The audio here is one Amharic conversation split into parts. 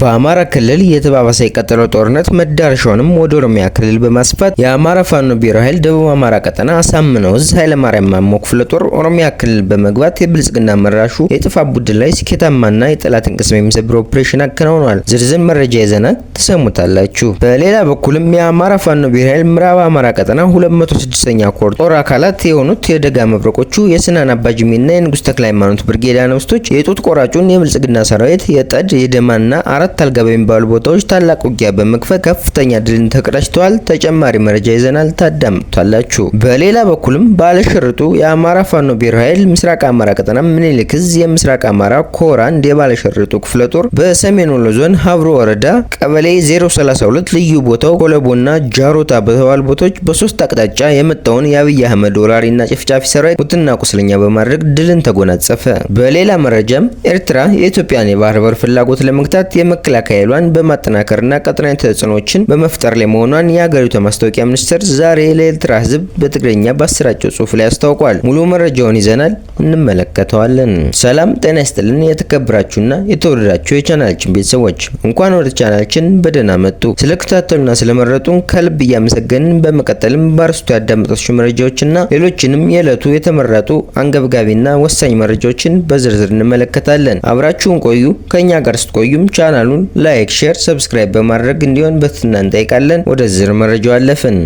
በአማራ ክልል የተባባሰ የቀጠለው ጦርነት መዳረሻውንም ወደ ኦሮሚያ ክልል በማስፋት የአማራ ፋኖ ብሔራዊ ኃይል ደቡብ አማራ ቀጠና አሳምነው እዝ ኃይለማርያም ማሞ ክፍለ ጦር ኦሮሚያ ክልል በመግባት የብልጽግና መራሹ የጥፋት ቡድን ላይ ስኬታማና የጠላትን ቅስም የሚሰብር ኦፕሬሽን አከናውኗል። ዝርዝር መረጃ ይዘናል፣ ትሰሙታላችሁ። በሌላ በኩልም የአማራ ፋኖ ብሔራዊ ኃይል ምዕራብ አማራ ቀጠና 26 ኛ ኮር ጦር አካላት የሆኑት የደጋ መብረቆቹ፣ የስናን አባጅሜና የንጉሥ ተክለ ሃይማኖት ብርጌድ አነብስቶች የጡት ቆራጩን የብልጽግና ሰራዊት የጠድ የደማና አራት አራት አልጋ በሚባሉ ቦታዎች ታላቅ ውጊያ በመክፈት ከፍተኛ ድልን ተቀዳጅተዋል። ተጨማሪ መረጃ ይዘናል፣ ታዳምጡታላችሁ። በሌላ በኩልም ባለሽርጡ የአማራ ፋኖ ብሔር ኃይል ምስራቅ አማራ ቀጠና ምኒልክ እዝ የምስራቅ አማራ ኮር አንድ የባለሽርጡ ክፍለ ጦር በሰሜን ወሎ ዞን ሀብሮ ወረዳ ቀበሌ 032 ልዩ ቦታው ኮለቦና ጃሮታ በተባሉ ቦታዎች በሶስት አቅጣጫ የመጣውን የአብይ አህመድ ወራሪና ጭፍጫፊ ሰራዊት ሙትና ቁስለኛ በማድረግ ድልን ተጎናጸፈ። በሌላ መረጃም ኤርትራ የኢትዮጵያን የባህር በር ፍላጎት ለመግታት መከላከያሏን በማጠናከርና ቀጠናዊ ተጽዕኖዎችን በመፍጠር ላይ መሆኗን የሀገሪቱ ማስታወቂያ ሚኒስቴር ዛሬ ለኤርትራ ህዝብ በትግረኛ ባሰራጨው ጽሁፍ ላይ አስታውቋል። ሙሉ መረጃውን ይዘናል፣ እንመለከተዋለን። ሰላም ጤና ይስጥልን። የተከበራችሁና የተወደዳችሁ የቻናላችን ቤተሰቦች እንኳን ወደ ቻናላችን በደህና መጡ። ስለከታተሉና ስለመረጡን ከልብ እያመሰገንን በመቀጠልም በአርስቱ ያዳመጣችሁ መረጃዎችና ሌሎችንም የዕለቱ የተመረጡ አንገብጋቢና ወሳኝ መረጃዎችን በዝርዝር እንመለከታለን። አብራችሁን ቆዩ። ከኛ ጋር ስትቆዩም ቻናል ቻናሉን ላይክ፣ ሼር፣ ሰብስክራይብ በማድረግ እንዲሆን በትህትና እንጠይቃለን። ወደ ዝርዝር መረጃው አለፍን።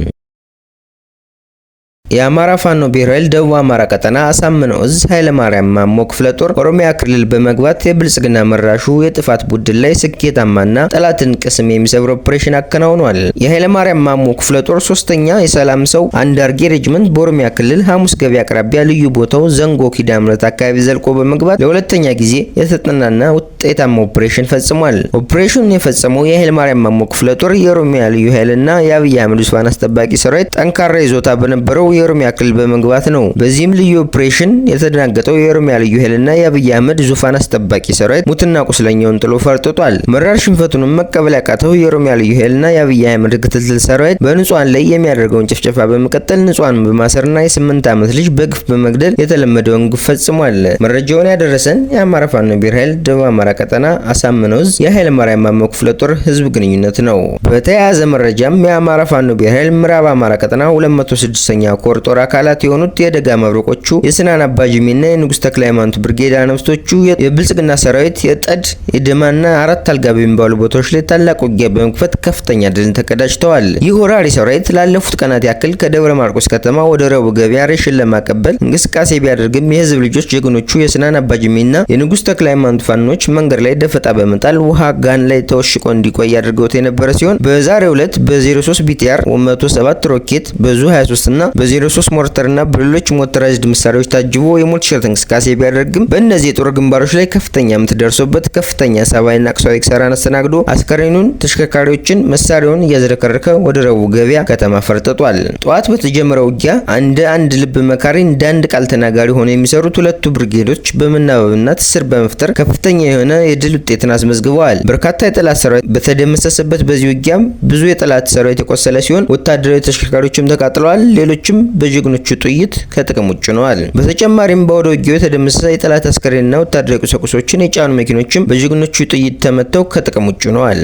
የአማራ ፋኖ ብሔራዊ ደቡብ አማራ ቀጠና አሳምነው እዝ ኃይለማርያም ማሞ ክፍለ ጦር ኦሮሚያ ክልል በመግባት የብልጽግና መራሹ የጥፋት ቡድን ላይ ስኬታማና ጠላትን ቅስም የሚሰብር ኦፕሬሽን አከናውኗል። የኃይለማርያም ማሞ ክፍለ ጦር ሶስተኛ የሰላም ሰው አንዳርጌ ሬጅመንት በኦሮሚያ ክልል ሐሙስ ገበያ አቅራቢያ ልዩ ቦታው ዘንጎ ኪዳምረት አካባቢ ዘልቆ በመግባት ለሁለተኛ ጊዜ የተጠናና ውጤታማ ኦፕሬሽን ፈጽሟል። ኦፕሬሽኑን የፈጸመው የኃይለማርያም ማሞ ክፍለ ጦር የኦሮሚያ ልዩ ኃይልና የአብይ አህመድ ዙፋን አስጠባቂ ሰራዊት ጠንካራ ይዞታ በነበረው የኦሮሚያ ክልል በመግባት ነው። በዚህም ልዩ ኦፕሬሽን የተደናገጠው የኦሮሚያ ልዩ ኃይልና የአብይ አህመድ ዙፋን አስጠባቂ ሰራዊት ሙትና ቁስለኛውን ጥሎ ፈርጥጧል። መራር ሽንፈቱንም መቀበል ያቃተው የኦሮሚያ ልዩ ኃይልና የአብይ አህመድ ክትትል ሰራዊት በንጹሃን ላይ የሚያደርገውን ጭፍጨፋ በመቀጠል ንጹሃን በማሰርና የስምንት ዓመት ልጅ በግፍ በመግደል የተለመደውን ግፍ ፈጽሟል። መረጃውን ያደረሰን የአማራ ፋኖ ብሔር ኃይል ደቡብ አማራ ቀጠና አሳምነውዝ የኃይለ ማርያም ማሞ ክፍለ ጦር ህዝብ ግንኙነት ነው። በተያያዘ መረጃም የአማራ ፋኖ ብሔር ኃይል ምዕራብ አማራ ቀጠና 206ኛ ኮር ጦር አካላት የሆኑት የደጋ መብረቆቹ፣ የስናን አባጅሜና የንጉሥ ተክለ ሃይማኖት ብርጌድ አነብስቶቹ የብልጽግና ሰራዊት የጠድ የደማና አራት አልጋ በሚባሉ ቦታዎች ላይ ታላቅ ውጊያ በመክፈት ከፍተኛ ድልን ተቀዳጅተዋል። ይህ ወራሪ ሰራዊት ላለፉት ቀናት ያክል ከደብረ ማርቆስ ከተማ ወደ ረቡዕ ገበያ ሬሽን ለማቀበል እንቅስቃሴ ቢያደርግም የህዝብ ልጆች ጀግኖቹ የስናን አባጅሜና የንጉሥ ተክለ ሃይማኖት ፋኖች መንገድ ላይ ደፈጣ በመጣል ውሃ ጋን ላይ ተወሽቆ እንዲቆይ አድርገውት የነበረ ሲሆን በዛሬው ዕለት በ03 ቢቲአር 107 ሮኬት በዙ 23 እና በ በ03 ሞርተርና በሌሎች ሞተራይዝድ መሳሪያዎች ታጅቦ የሞልሸት እንቅስቃሴ ቢያደርግም በእነዚህ የጦር ግንባሮች ላይ ከፍተኛ ምት ደርሶበት ከፍተኛ ሰብአዊና ቁሳዊ ክሳራን አስተናግዶ አስከሬኑን፣ ተሽከርካሪዎችን፣ መሳሪያውን እያዝረከረከ ወደ ረቡዕ ገበያ ከተማ ፈርጥጧል። ጠዋት በተጀመረው ውጊያ እንደ አንድ ልብ መካሪ እንደ አንድ ቃል ተናጋሪ ሆነው የሚሰሩት ሁለቱ ብርጌዶች በመናበብና ትስር በመፍጠር ከፍተኛ የሆነ የድል ውጤትን አስመዝግበዋል። በርካታ የጠላት ሰራዊት በተደመሰሰበት በዚህ ውጊያም ብዙ የጠላት ሰራዊት የቆሰለ ሲሆን ወታደራዊ ተሽከርካሪዎችም ተቃጥለዋል። ሌሎችም በጀግኖቹ ጥይት ከጥቅም ውጭ ነዋል። በተጨማሪም በአውደ ውጊያው የተደመሰሰ የጠላት አስከሬንና ወታደራዊ ቁሳቁሶችን የጫኑ መኪኖችም በጀግኖቹ ጥይት ተመተው ከጥቅም ውጭ ነዋል።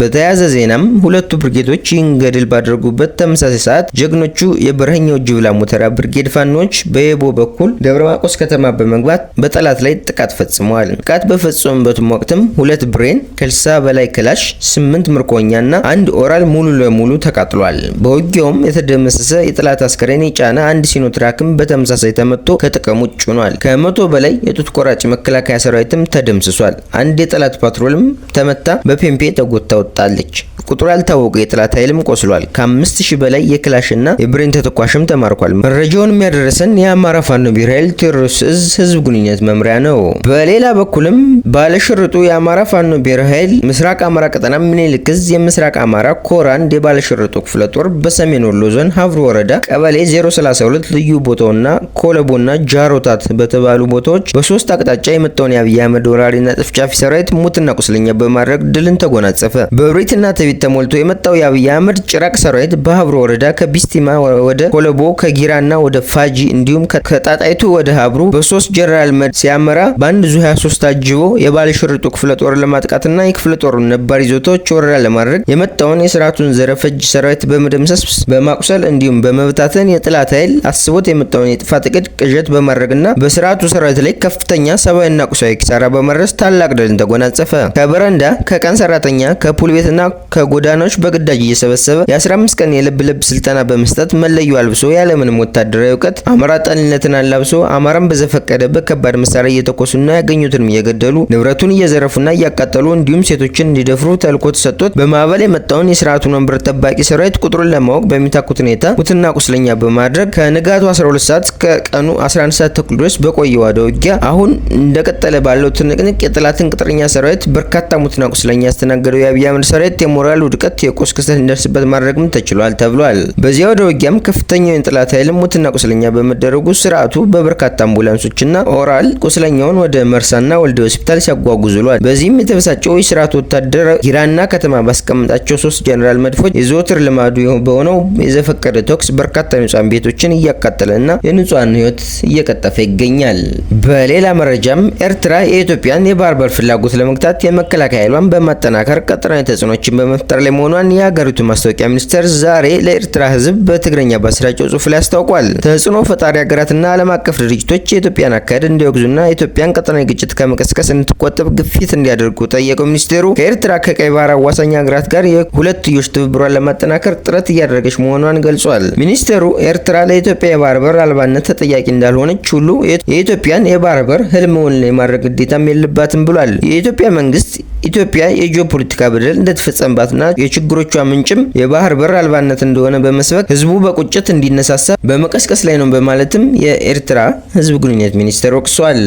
በተያያዘ ዜናም ሁለቱ ብርጌዶች ይህን ገድል ባደረጉበት ተመሳሳይ ሰዓት ጀግኖቹ የበረሃኛው ጅብላ ሙተራ ብርጌድ ፋኖች በየቦ በኩል ደብረ ማቆስ ከተማ በመግባት በጠላት ላይ ጥቃት ፈጽመዋል። ጥቃት በፈጸሙበትም ወቅትም ሁለት ብሬን ከልሳ በላይ ክላሽ፣ ስምንት ምርኮኛና አንድ ኦራል ሙሉ ለሙሉ ተቃጥሏል። በውጊያውም የተደመሰሰ የጠላት አስከሬን ጫና አንድ ሲኖትራክም በተመሳሳይ ተመቶ ከጥቅም ውጭ ሆኗል። ከመቶ በላይ የጡት ቆራጭ መከላከያ ሰራዊትም ተደምስሷል። አንድ የጠላት ፓትሮልም ተመታ፣ በፔምፔ ተጎታ ወጣለች። ቁጥሩ ያልታወቀ የጠላት ኃይልም ቆስሏል። ከአምስት ሺህ በላይ የክላሽና የብሬን ተተኳሽም ተማርኳል። መረጃውን የሚያደረሰን የአማራ ፋኖ ብሔር ኃይል ቴዎድሮስ እዝ ህዝብ ግንኙነት መምሪያ ነው። በሌላ በኩልም ባለሽርጡ የአማራ ፋኖ ብሔር ኃይል ምስራቅ አማራ ቀጠና ምኒልክ እዝ የምስራቅ አማራ ኮራንድ የባለሽርጡ ክፍለ ጦር በሰሜን ወሎ ዞን ሀብሩ ወረዳ ቀበሌ 32 ልዩ ቦታውና ኮለቦና ጃሮታት በተባሉ ቦታዎች በሶስት አቅጣጫ የመጣውን የአብይ አህመድ ወራሪና ጥፍጫፊ ሰራዊት ሙትና ቁስለኛ በማድረግ ድልን ተጎናጸፈ። በእብሪትና ትዕቢት ተሞልቶ የመጣው የአብይ አህመድ ጭራቅ ሰራዊት በሀብሮ ወረዳ ከቢስቲማ ወደ ኮለቦ ከጊራና ወደ ፋጂ እንዲሁም ከጣጣይቱ ወደ ሀብሩ በሶስት ጀነራል መድ ሲያመራ በአንድ ዙ 23 ታጅቦ የባለሽርጡ ክፍለ ጦር ለማጥቃትና የክፍለ ጦሩን ነባር ይዞታዎች ወረራ ለማድረግ የመጣውን የስርዓቱን ዘረፈጅ ሰራዊት በመደምሰስ በማቁሰል እንዲሁም በመብታተን የጥላት ኃይል አስቦት የመጣውን የጥፋት እቅድ ቅዠት በማድረግና በስርዓቱ ሰራዊት ላይ ከፍተኛ ሰብአዊና ቁሳዊ ኪሳራ በማድረስ ታላቅ ድልን ተጎናጸፈ። ከበረንዳ፣ ከቀን ሰራተኛ፣ ከፑል ቤትና ከጎዳናዎች በግዳጅ እየሰበሰበ የ15 ቀን የልብ ልብ ስልጠና በመስጠት መለዮ አልብሶ ያለምንም ወታደራዊ እውቀት አማራ ጠልነትን አላብሶ አማራን በዘፈቀደ በከባድ መሳሪያ እየተኮሱና ያገኙትንም እየገደሉ ንብረቱን እየዘረፉና እያቃጠሉ እንዲሁም ሴቶችን እንዲደፍሩ ተልኮ ተሰጥቶት በማዕበል የመጣውን የስርዓቱን ወንበር ጠባቂ ሰራዊት ቁጥሩን ለማወቅ በሚታኩት ሁኔታ ሙትና ቁስለኛ በማድረግ ከንጋቱ 12 ሰዓት እስከ ቀኑ 11 ሰዓት ተኩል ድረስ በቆየው አውደ ውጊያ አሁን እንደቀጠለ ባለው ትንቅንቅ የጠላትን ቅጥረኛ ሰራዊት በርካታ ሙትና ቁስለኛ ያስተናገደው የአብይ አህመድ ሰራዊት የሞራል ውድቀት፣ የቁስ ክስተት እንደርስበት ማድረግም ተችሏል ተብሏል። በዚህ አውደ ውጊያም ከፍተኛውን የጠላት ኃይል ሙትና ቁስለኛ በመደረጉ ስርዓቱ በበርካታ አምቡላንሶችና ኦራል ቁስለኛውን ወደ መርሳና ወልደ ሆስፒታል ሲያጓጉዝ ውሏል። በዚህም የተበሳጨው የስርዓቱ ወታደር ጊራና ከተማ ባስቀመጣቸው ሶስት ጄኔራል መድፎች የዘወትር ልማዱ በሆነው የዘፈቀደ ተኩስ በርካታ ንጹሃን ቤቶችን እያቃጠለና የንጹሃን ህይወት እየቀጠፈ ይገኛል። በሌላ መረጃም ኤርትራ የኢትዮጵያን የባህር በር ፍላጎት ለመግታት የመከላከያ ኃይሏን በማጠናከር ቀጠናዊ ተጽዕኖችን በመፍጠር ላይ መሆኗን የሀገሪቱ ማስታወቂያ ሚኒስቴር ዛሬ ለኤርትራ ህዝብ በትግረኛ ባሰራጨው ጽሁፍ ላይ አስታውቋል። ተጽዕኖ ፈጣሪ ሀገራትና ዓለም አቀፍ ድርጅቶች የኢትዮጵያን አካሄድ እንዲወግዙና ኢትዮጵያን ቀጠናዊ ግጭት ከመቀስቀስ እንድትቆጠብ ግፊት እንዲያደርጉ ጠየቀው። ሚኒስቴሩ ከኤርትራ ከቀይ ባህር አዋሳኝ ሀገራት ጋር የሁለትዮሽ ትብብሯን ለማጠናከር ጥረት እያደረገች መሆኗን ገልጿል። ሚኒስቴሩ ኤርትራ ለኢትዮጵያ የባህር በር አልባነት ተጠያቂ እንዳልሆነች ሁሉ የኢትዮጵያን የባህር በር ህልምውን የማድረግ ግዴታም የለባትም ብሏል። የኢትዮጵያ መንግስት ኢትዮጵያ የጂኦፖለቲካ በደል እንደተፈጸመባትና የችግሮቿ ምንጭም የባህር በር አልባነት እንደሆነ በመስበክ ህዝቡ በቁጭት እንዲነሳሳ በመቀስቀስ ላይ ነው በማለትም የኤርትራ ህዝብ ግንኙነት ሚኒስቴር ወቅሷል።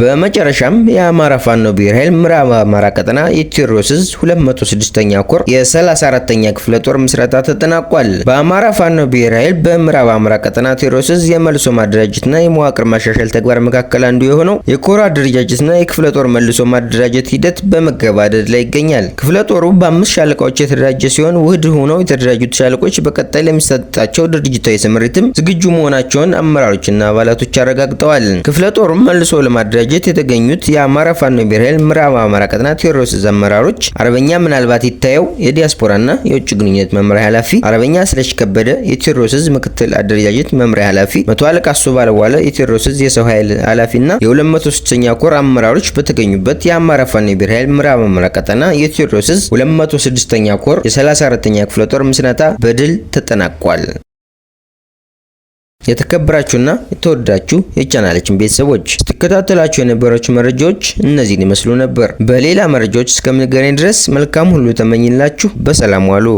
በመጨረሻም የአማራ ፋኖ ብሔር ኃይል ምዕራብ አማራ ቀጠና የቴዎድሮስ ዕዝ 206ኛ ኮር የ34ኛ ክፍለ ጦር ምስረታ ተጠናቋል። በአማራ ፋኖ ብሔር ኃይል በምዕራብ አማራ ቀጠና ቴዎድሮስ ዕዝ የመልሶ ማደራጀትና የመዋቅር ማሻሻል ተግባር መካከል አንዱ የሆነው የኮር አደረጃጀትና የክፍለ ጦር መልሶ ማደራጀት ሂደት በመገባደድ ላይ ይገኛል። ክፍለ ጦሩ በአምስት ሻለቃዎች የተደራጀ ሲሆን ውህድ ሆነው የተደራጁት ሻለቆች በቀጣይ ለሚሰጣቸው ድርጅታዊ ስምሪትም ዝግጁ መሆናቸውን አመራሮችና አባላቶች አረጋግጠዋል። ክፍለ ጦሩም መልሶ ለማደራጀት በመደራጀት የተገኙት የአማራ ፋኖ ብሔራዊ ምዕራብ አማራ ቀጠና ቴዎድሮስ አመራሮች አርበኛ ምናልባት ይታየው የዲያስፖራና የውጭ ግንኙነት መምሪያ ኃላፊ፣ አርበኛ ስለሽ ከበደ የቴዎድሮስ ምክትል አደረጃጀት መምሪያ ኃላፊ፣ መቶ አለቃ እሱ ባለዋለ የቴዎድሮስ እዝ የሰው ኃይል ኃላፊና የ206ኛ ኮር አመራሮች በተገኙበት የአማራ ፋኖ ብሔራዊ ኃይል ምዕራብ አማራ ቀጠና የቴዎድሮስ 206ኛ ኮር የ34ኛ ክፍለ ጦር ምስናታ በድል ተጠናቋል። የተከበራችሁና የተወደዳችሁ የቻናላችን ቤተሰቦች ስትከታተላችሁ የነበራችሁ መረጃዎች እነዚህን ይመስሉ ነበር። በሌላ መረጃዎች እስከምንገናኝ ድረስ መልካም ሁሉ ተመኝላችሁ በሰላም ዋሉ።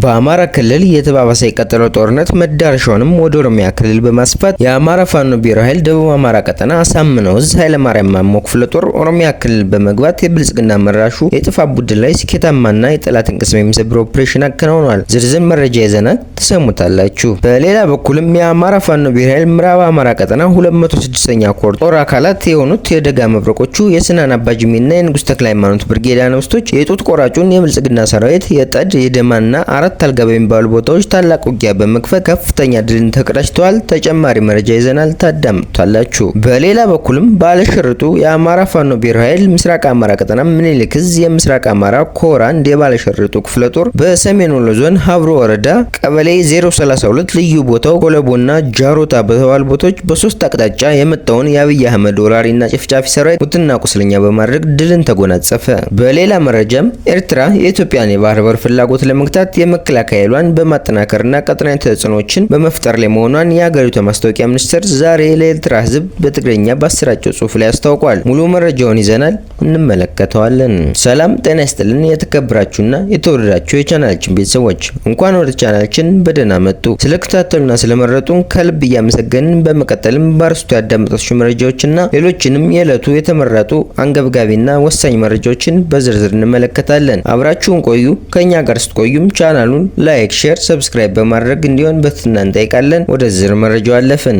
በአማራ ክልል እየተባባሰ የቀጠለው ጦርነት መዳረሻውንም ወደ ኦሮሚያ ክልል በማስፋት የአማራ ፋኖ ብሔራዊ ኃይል ደቡብ አማራ ቀጠና አሳምነው እዝ ኃይለማርያም ማሞ ክፍለ ጦር ኦሮሚያ ክልል በመግባት የብልጽግና መራሹ የጥፋት ቡድን ላይ ስኬታማና የጠላትን ቅስም የሚሰብር ኦፕሬሽን አከናውኗል። ዝርዝር መረጃ ይዘናል፣ ትሰሙታላችሁ። በሌላ በኩልም የአማራ ፋኖ ብሔራዊ ኃይል ምዕራብ አማራ ቀጠና 206ኛ ኮር ጦር አካላት የሆኑት የደጋ መብረቆቹ የስናን አባጅሜና የንጉሥ ተክለ ሃይማኖት ብርጌድ አነብስቶች የጡት ቆራጩን የብልጽግና ሰራዊት የጠድ የደማና አራት አልጋ በሚባሉ ቦታዎች ታላቅ ውጊያ በመክፈት ከፍተኛ ድልን ተቀዳጅተዋል። ተጨማሪ መረጃ ይዘናል፣ ታዳምጡታላችሁ። በሌላ በኩልም ባለሽርጡ የአማራ ፋኖ ብሔራዊ ኃይል ምስራቅ አማራ ቀጠና ምኒልክ ዕዝ የምስራቅ አማራ ኮር አንድ የባለሽርጡ ክፍለ ጦር በሰሜን ወሎ ዞን ሀብሮ ወረዳ ቀበሌ 032 ልዩ ቦታው ኮለቦና ጃሮታ በተባሉ ቦታዎች በሶስት አቅጣጫ የመጣውን የአብይ አህመድ ወራሪና ጭፍጫፊ ሰራዊት ሙትና ቁስለኛ በማድረግ ድልን ተጎናጸፈ። በሌላ መረጃም ኤርትራ የኢትዮጵያን የባህር በር ፍላጎት ለመግታት የመከላከያ በማጠናከርና ቀጠናዊ ተጽዕኖዎችን በመፍጠር ላይ መሆኗን የሀገሪቱ ማስታወቂያ ሚኒስቴር ዛሬ ለኤርትራ ህዝብ በትግረኛ ባሰራጨው ጽሁፍ ላይ አስታውቋል። ሙሉ መረጃውን ይዘናል፣ እንመለከተዋለን። ሰላም ጤና ይስጥልን። የተከበራችሁና የተወደዳችሁ የቻናልችን ቤተሰቦች እንኳን ወደ ቻናልችን በደህና መጡ። ስለከታተሉና ስለመረጡን ከልብ እያመሰገንን በመቀጠልም በአርስቱ ያዳመጣችሁ መረጃዎችና ሌሎችንም የዕለቱ የተመረጡ አንገብጋቢና ወሳኝ መረጃዎችን በዝርዝር እንመለከታለን። አብራችሁን ቆዩ። ከኛ ጋር ስትቆዩም ቻናል ቻናሉን ላይክ፣ ሼር፣ ሰብስክራይብ በማድረግ እንዲሆን በትህትና እንጠይቃለን። ወደ ዝርዝር መረጃው አለፍን።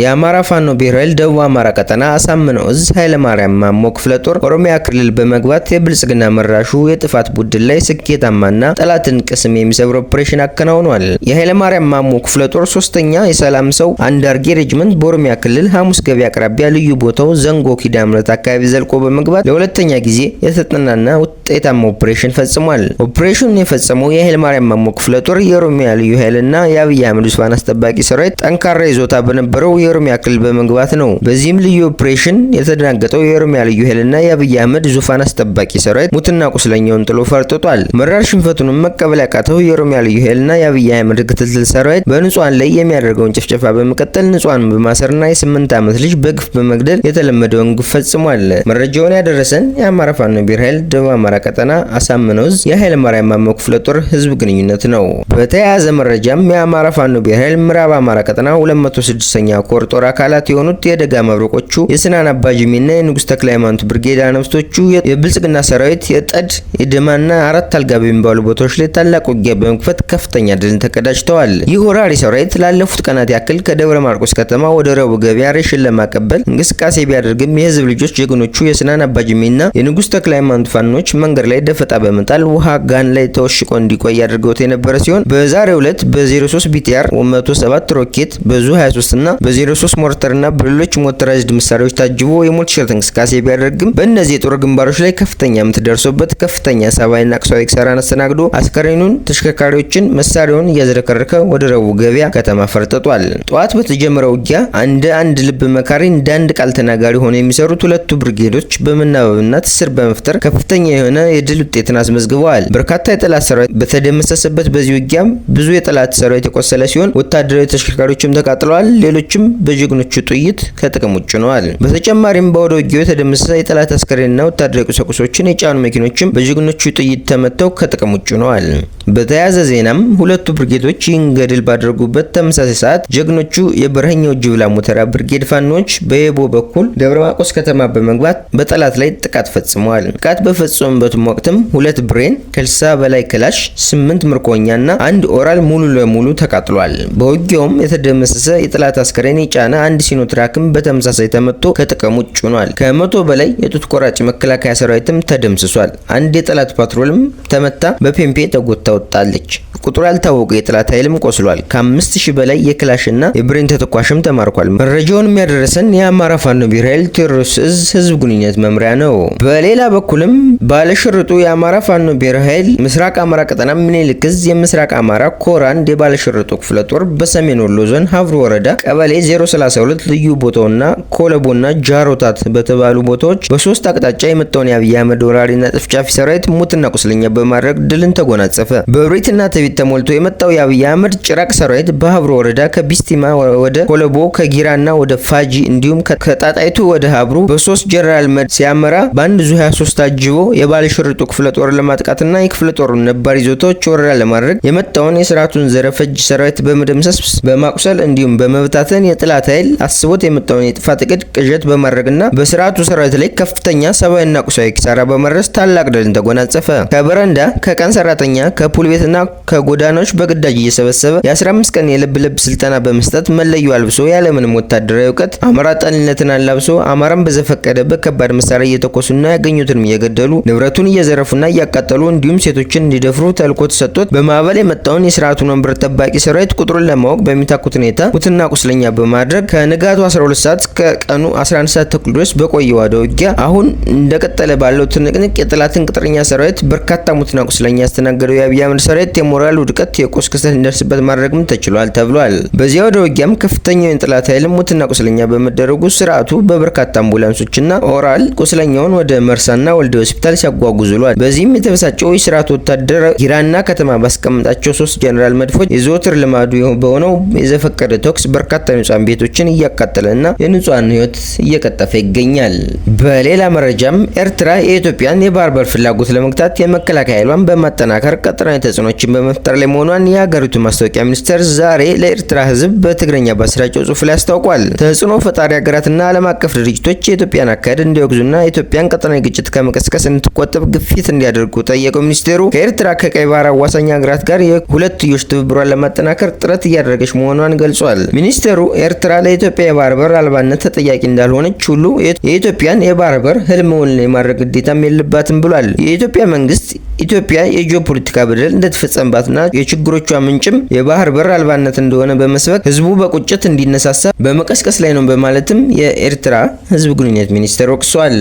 የአማራ ፋኖ ብሔራዊ ደቡብ አማራ ቀጠና አሳምነው እዝ ማርያም ማሞ ክፍለ ጦር ኦሮሚያ ክልል በመግባት የብልጽግና መራሹ የጥፋት ቡድን ላይ ስኬታማና ጠላትን ቅስም የሚሰብር ኦፕሬሽን አከናውኗል። የኃይለማርያም ማሞ ክፍለ ጦር ሶስተኛ የሰላም ሰው አንዳርጌ ሬጅመንት በኦሮሚያ ክልል ሐሙስ ገበያ አቅራቢያ ልዩ ቦታው ዘንጎ ኪዳምረት አካባቢ ዘልቆ በመግባት ለሁለተኛ ጊዜ የተጠናና ውጤታማ ኦፕሬሽን ፈጽሟል። ኦፕሬሽኑን የፈጸመው የኃይለ ማሞ ክፍለ ጦር የኦሮሚያ ልዩ ኃይልና የአብይ አህመድ ዙፋን አስጠባቂ ሰራዊት ጠንካራ ይዞታ በነበረው የኦሮሚያ ክልል በመግባት ነው። በዚህም ልዩ ኦፕሬሽን የተደናገጠው የኦሮሚያ ልዩ ኃይልና የአብይ አህመድ ዙፋን አስጠባቂ ሰራዊት ሙትና ቁስለኛውን ጥሎ ፈርጥጧል። መራር ሽንፈቱንም መቀበል ያቃተው የኦሮሚያ ልዩ ኃይልና የአብይ አህመድ ክትትል ሰራዊት በንጹሃን ላይ የሚያደርገውን ጭፍጨፋ በመቀጠል ንጹሃን በማሰርና የስምንት ዓመት ልጅ በግፍ በመግደል የተለመደውን ግፍ ፈጽሟል። መረጃውን ያደረሰን የአማራ ፋኖ ብሔር ኃይል ደቡብ አማራ ቀጠና አሳምነውዝ የኃይለ ማርያም ማሞ ክፍለ ጦር ህዝብ ግንኙነት ነው። በተያያዘ መረጃም የአማራ ፋኖ ብሔር ኃይል ምዕራብ አማራ ቀጠና 206ኛ ጥቁር ጦር አካላት የሆኑት የደጋ መብረቆቹ፣ የስናን አባጅሜና የንጉስ ተክለ ሃይማኖት ብርጌድ አናብስቶቹ፣ የብልጽግና ሰራዊት የጠድ የደማና አራት አልጋ በሚባሉ ቦታዎች ላይ ታላቅ ውጊያ በመክፈት ከፍተኛ ድልን ተቀዳጅተዋል። ይህ ወራሪ ሰራዊት ላለፉት ቀናት ያክል ከደብረ ማርቆስ ከተማ ወደ ረቡዕ ገበያ ሬሽን ለማቀበል እንቅስቃሴ ቢያደርግም የህዝብ ልጆች ጀግኖቹ የስናን አባጅሜና የንጉስ ተክለ ሃይማኖት ፋኖች መንገድ ላይ ደፈጣ በመጣል ውሃ ጋን ላይ ተወሽቆ እንዲቆይ አድርገውት የነበረ ሲሆን በዛሬው ዕለት በ03 ቢቲአር 107 ሮኬት በዙ 23 እና በ03 ሞርተርና በሌሎች ሞተራይዝድ መሳሪያዎች ታጅቦ የሞልቲሸት እንቅስቃሴ ቢያደርግም በእነዚህ የጦር ግንባሮች ላይ ከፍተኛ ምት ደርሶበት ከፍተኛ ሰብአዊና ቁሳዊ ኪሳራን አስተናግዶ አስከሬኑን፣ ተሽከርካሪዎችን፣ መሳሪያውን እያዝረከረከ ወደ ረቡዕ ገበያ ከተማ ፈርጠጧል። ጠዋት በተጀመረው ውጊያ እንደ አንድ ልብ መካሪ እንደ አንድ ቃል ተናጋሪ ሆነው የሚሰሩት ሁለቱ ብርጌዶች በመናበብና ትስር በመፍጠር ከፍተኛ የሆነ የድል ውጤትን አስመዝግበዋል። በርካታ የጠላት ሰራዊት በተደመሰሰበት በዚህ ውጊያም ብዙ የጠላት ሰራዊት የቆሰለ ሲሆን ወታደራዊ ተሽከርካሪዎችም ተቃጥለዋል። ሌሎችም በጀግኖቹ ጥይት ከጥቅም ውጭ ሆነዋል። በተጨማሪም በአውደ ውጊያው የተደመሰሰ የጠላት አስከሬንና ወታደራዊ ቁሳቁሶችን የጫኑ መኪኖችም በጀግኖቹ ጥይት ተመተው ከጥቅም ውጭ ሆነዋል። በተያያዘ ዜናም ሁለቱ ብርጌዶች ይህን ገድል ባደረጉበት ተመሳሳይ ሰዓት ጀግኖቹ የበረሃኛው ጅብላ ሙተራ ብርጌድ ፋኖች በየቦ በኩል ደብረ ማቆስ ከተማ በመግባት በጠላት ላይ ጥቃት ፈጽመዋል። ጥቃት በፈጸሙበትም ወቅትም ሁለት ብሬን ከልሳ በላይ ክላሽ፣ ስምንት ምርኮኛና አንድ ኦራል ሙሉ ለሙሉ ተቃጥሏል። በውጊያውም የተደመሰሰ የጠላት አስከሬን የወገኔ ጫና አንድ ሲኖትራክም በተመሳሳይ ተመቶ ከጥቅም ውጭ ሆኗል። ከመቶ በላይ የጡት ቆራጭ መከላከያ ሰራዊትም ተደምስሷል። አንድ የጠላት ፓትሮልም ተመታ፣ በፔምፔ ተጎታ ወጣለች። ቁጥሩ ያልታወቀ የጠላት ኃይልም ቆስሏል። ከአምስት ሺህ በላይ የክላሽና የብሬን ተተኳሽም ተማርኳል። መረጃውን የሚያደረሰን የአማራ ፋኖ ብሔር ኃይል ቴዎድሮስ እዝ ህዝብ ግንኙነት መምሪያ ነው። በሌላ በኩልም ባለሽርጡ የአማራ ፋኖ ብሔር ኃይል ምስራቅ አማራ ቀጠና ምኒልክ እዝ የምስራቅ አማራ ኮራንድ የባለሽርጡ ክፍለ ጦር በሰሜን ወሎ ዞን ሀብሩ ወረዳ ቀበሌ 032 ልዩ ቦታውና ኮለቦና ጃሮታት በተባሉ ቦታዎች በሶስት አቅጣጫ የመጣውን የአብይ አህመድ ወራሪና ጥፍጫፊ ሰራዊት ሙትና ቁስለኛ በማድረግ ድልን ተጎናጸፈ። በብሬትና ትቢት ተሞልቶ የመጣው የአብይ አህመድ ጭራቅ ሰራዊት በሀብሮ ወረዳ ከቢስቲማ ወደ ኮለቦ ከጊራና ወደ ፋጂ እንዲሁም ከጣጣይቱ ወደ ሀብሩ በሶስት ጀነራል መድ ሲያመራ በአንድ ዙ 23 ታጅቦ የባለሽርጡ ክፍለ ጦር ለማጥቃትና የክፍለ ጦሩን ነባር ይዞታዎች ወረራ ለማድረግ የመጣውን የስርዓቱን ዘረፈጅ ሰራዊት በመደምሰስ በማቁሰል እንዲሁም በመብታተን የጠላት ኃይል አስቦት የመጣውን የጥፋት እቅድ ቅዠት በማድረግና በስርዓቱ ሰራዊት ላይ ከፍተኛ ሰብአዊና ቁሳዊ ኪሳራ በመድረስ ታላቅ ድልን ተጎናጸፈ። ከበረንዳ፣ ከቀን ሰራተኛ፣ ከፑል ቤትና ከጎዳናዎች በግዳጅ እየሰበሰበ የ15 ቀን የልብ ልብ ስልጠና በመስጠት መለዮ አልብሶ ያለምንም ወታደራዊ እውቀት አማራ ጠልነትን አላብሶ አማራን በዘፈቀደ በከባድ መሳሪያ እየተኮሱና ያገኙትንም እየገደሉ ንብረቱን እየዘረፉና እያቃጠሉ እንዲሁም ሴቶችን እንዲደፍሩ ተልኮ ተሰጥቶት በማዕበል የመጣውን የስርዓቱን ወንበር ጠባቂ ሰራዊት ቁጥሩን ለማወቅ በሚታኩት ሁኔታ ሙትና ቁስለኛ በ በማድረግ ከንጋቱ 12 ሰዓት እስከ ቀኑ 11 ሰዓት ተኩል ድረስ በቆየው አውደ ውጊያ አሁን እንደቀጠለ ባለው ትንቅንቅ የጠላትን ቅጥረኛ ሰራዊት በርካታ ሙትና ቁስለኛ ያስተናገደው የአብይ አህመድ ሰራዊት የሞራል ውድቀት የቁስ ክስተት እንደርስበት ማድረግም ተችሏል ተብሏል። በዚያ አውደ ውጊያም ከፍተኛው የጠላት ኃይል ሙትና ቁስለኛ በመደረጉ ስርዓቱ በበርካታ አምቡላንሶችና ኦራል ቁስለኛውን ወደ መርሳና ወልደ ሆስፒታል ሲያጓጉዝሏል። በዚህም የተበሳጨው የስርዓቱ ወታደር ሂራና ከተማ ባስቀምጣቸው ሶስት ጀኔራል መድፎች የዘወትር ልማዱ በሆነው የዘፈቀደ ተኩስ በርካታ የሚወጣን ቤቶችን እያቃጠለና የንጹሐን ህይወት እየቀጠፈ ይገኛል። በሌላ መረጃም ኤርትራ የኢትዮጵያን የባህር በር ፍላጎት ለመግታት የመከላከያ ኃይሏን በማጠናከር ቀጠናዊ ተጽዕኖችን በመፍጠር ላይ መሆኗን የሀገሪቱ ማስታወቂያ ሚኒስቴር ዛሬ ለኤርትራ ህዝብ በትግረኛ ባሰራጨው ጽሁፍ ላይ አስታውቋል። ተጽዕኖ ፈጣሪ ሀገራትና ዓለም አቀፍ ድርጅቶች የኢትዮጵያን አካሄድ እንዲወግዙና ኢትዮጵያን ቀጠናዊ ግጭት ከመቀስቀስ እንድትቆጠብ ግፊት እንዲያደርጉ ጠየቀው። ሚኒስቴሩ ከኤርትራ ከቀይ ባህር አዋሳኝ ሀገራት ጋር የሁለትዮሽ ትብብሯን ለማጠናከር ጥረት እያደረገች መሆኗን ገልጿል። ሚኒስቴሩ ኤርትራ ለኢትዮጵያ የባህር በር አልባነት ተጠያቂ እንዳልሆነች ሁሉ የኢትዮጵያን የባህር በር ህልምውን የማድረግ ግዴታም የለባትም ብሏል። የኢትዮጵያ መንግስት ኢትዮጵያ የጂኦፖለቲካ በደል እንደተፈጸመባትና የችግሮቿ ምንጭም የባህር በር አልባነት እንደሆነ በመስበክ ህዝቡ በቁጭት እንዲነሳሳ በመቀስቀስ ላይ ነው በማለትም የኤርትራ ህዝብ ግንኙነት ሚኒስቴር ወቅሷል።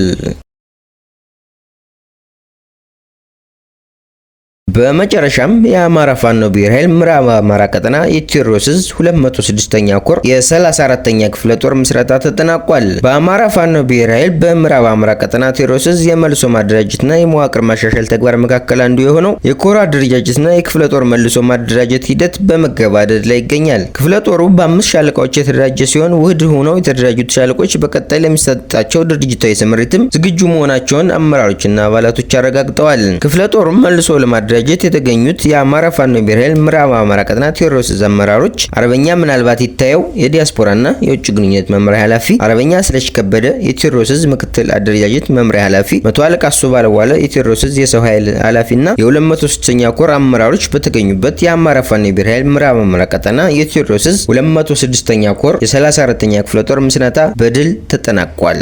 በመጨረሻም የአማራ ፋኖ ብሔር ኃይል ምዕራብ አማራ ቀጠና የቴዎድሮስ ዕዝ 206ኛ ኮር የ34ኛ ክፍለ ጦር ምስረታ ተጠናቋል። በአማራ ፋኖ ብሔር ኃይል በምዕራብ አማራ ቀጠና ቴዎድሮስ የመልሶ ማደራጀትና የመዋቅር ማሻሻል ተግባር መካከል አንዱ የሆነው የኮር አደረጃጀትና የክፍለ ጦር መልሶ ማደራጀት ሂደት በመገባደድ ላይ ይገኛል። ክፍለ ጦሩ በአምስት ሻለቃዎች የተደራጀ ሲሆን ውህድ ሆነው የተደራጁት ሻለቆች በቀጣይ ለሚሰጣቸው ድርጅታዊ ስምሪትም ዝግጁ መሆናቸውን አመራሮችና አባላቶች አረጋግጠዋል። ክፍለ ጦሩም መልሶ ለማደራጀት በመደራጀት የተገኙት የአማራ ፋኖ ብሔር ኃይል ምዕራብ አማራ ቀጠና ቴዎድሮስ አመራሮች አርበኛ ምናልባት ይታየው የዲያስፖራና የውጭ ግንኙነት መምሪያ ኃላፊ፣ አርበኛ ስለሽ ከበደ የቴዎድሮስ ምክትል አደረጃጀት መምሪያ ኃላፊ፣ መቶ አለቃ እሱ ባለዋለ የቴዎድሮስ የሰው ኃይል ኃላፊና የ203ኛ ኮር አመራሮች በተገኙበት የአማራ ፋኖ ብሔር ኃይል ምዕራብ አማራ ቀጠና የቴዎድሮስ 206ኛ ኮር የ34ኛ ክፍለ ጦር ምስናታ በድል ተጠናቋል።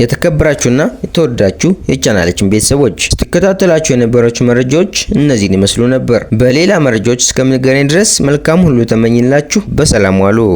የተከበራችሁና የተወደዳችሁ የቻናላችን ቤተሰቦች ስትከታተላችሁ የነበራችሁ መረጃዎች እነዚህን ይመስሉ ነበር። በሌላ መረጃዎች እስከምንገናኝ ድረስ መልካም ሁሉ ተመኝላችሁ በሰላም ዋሉ።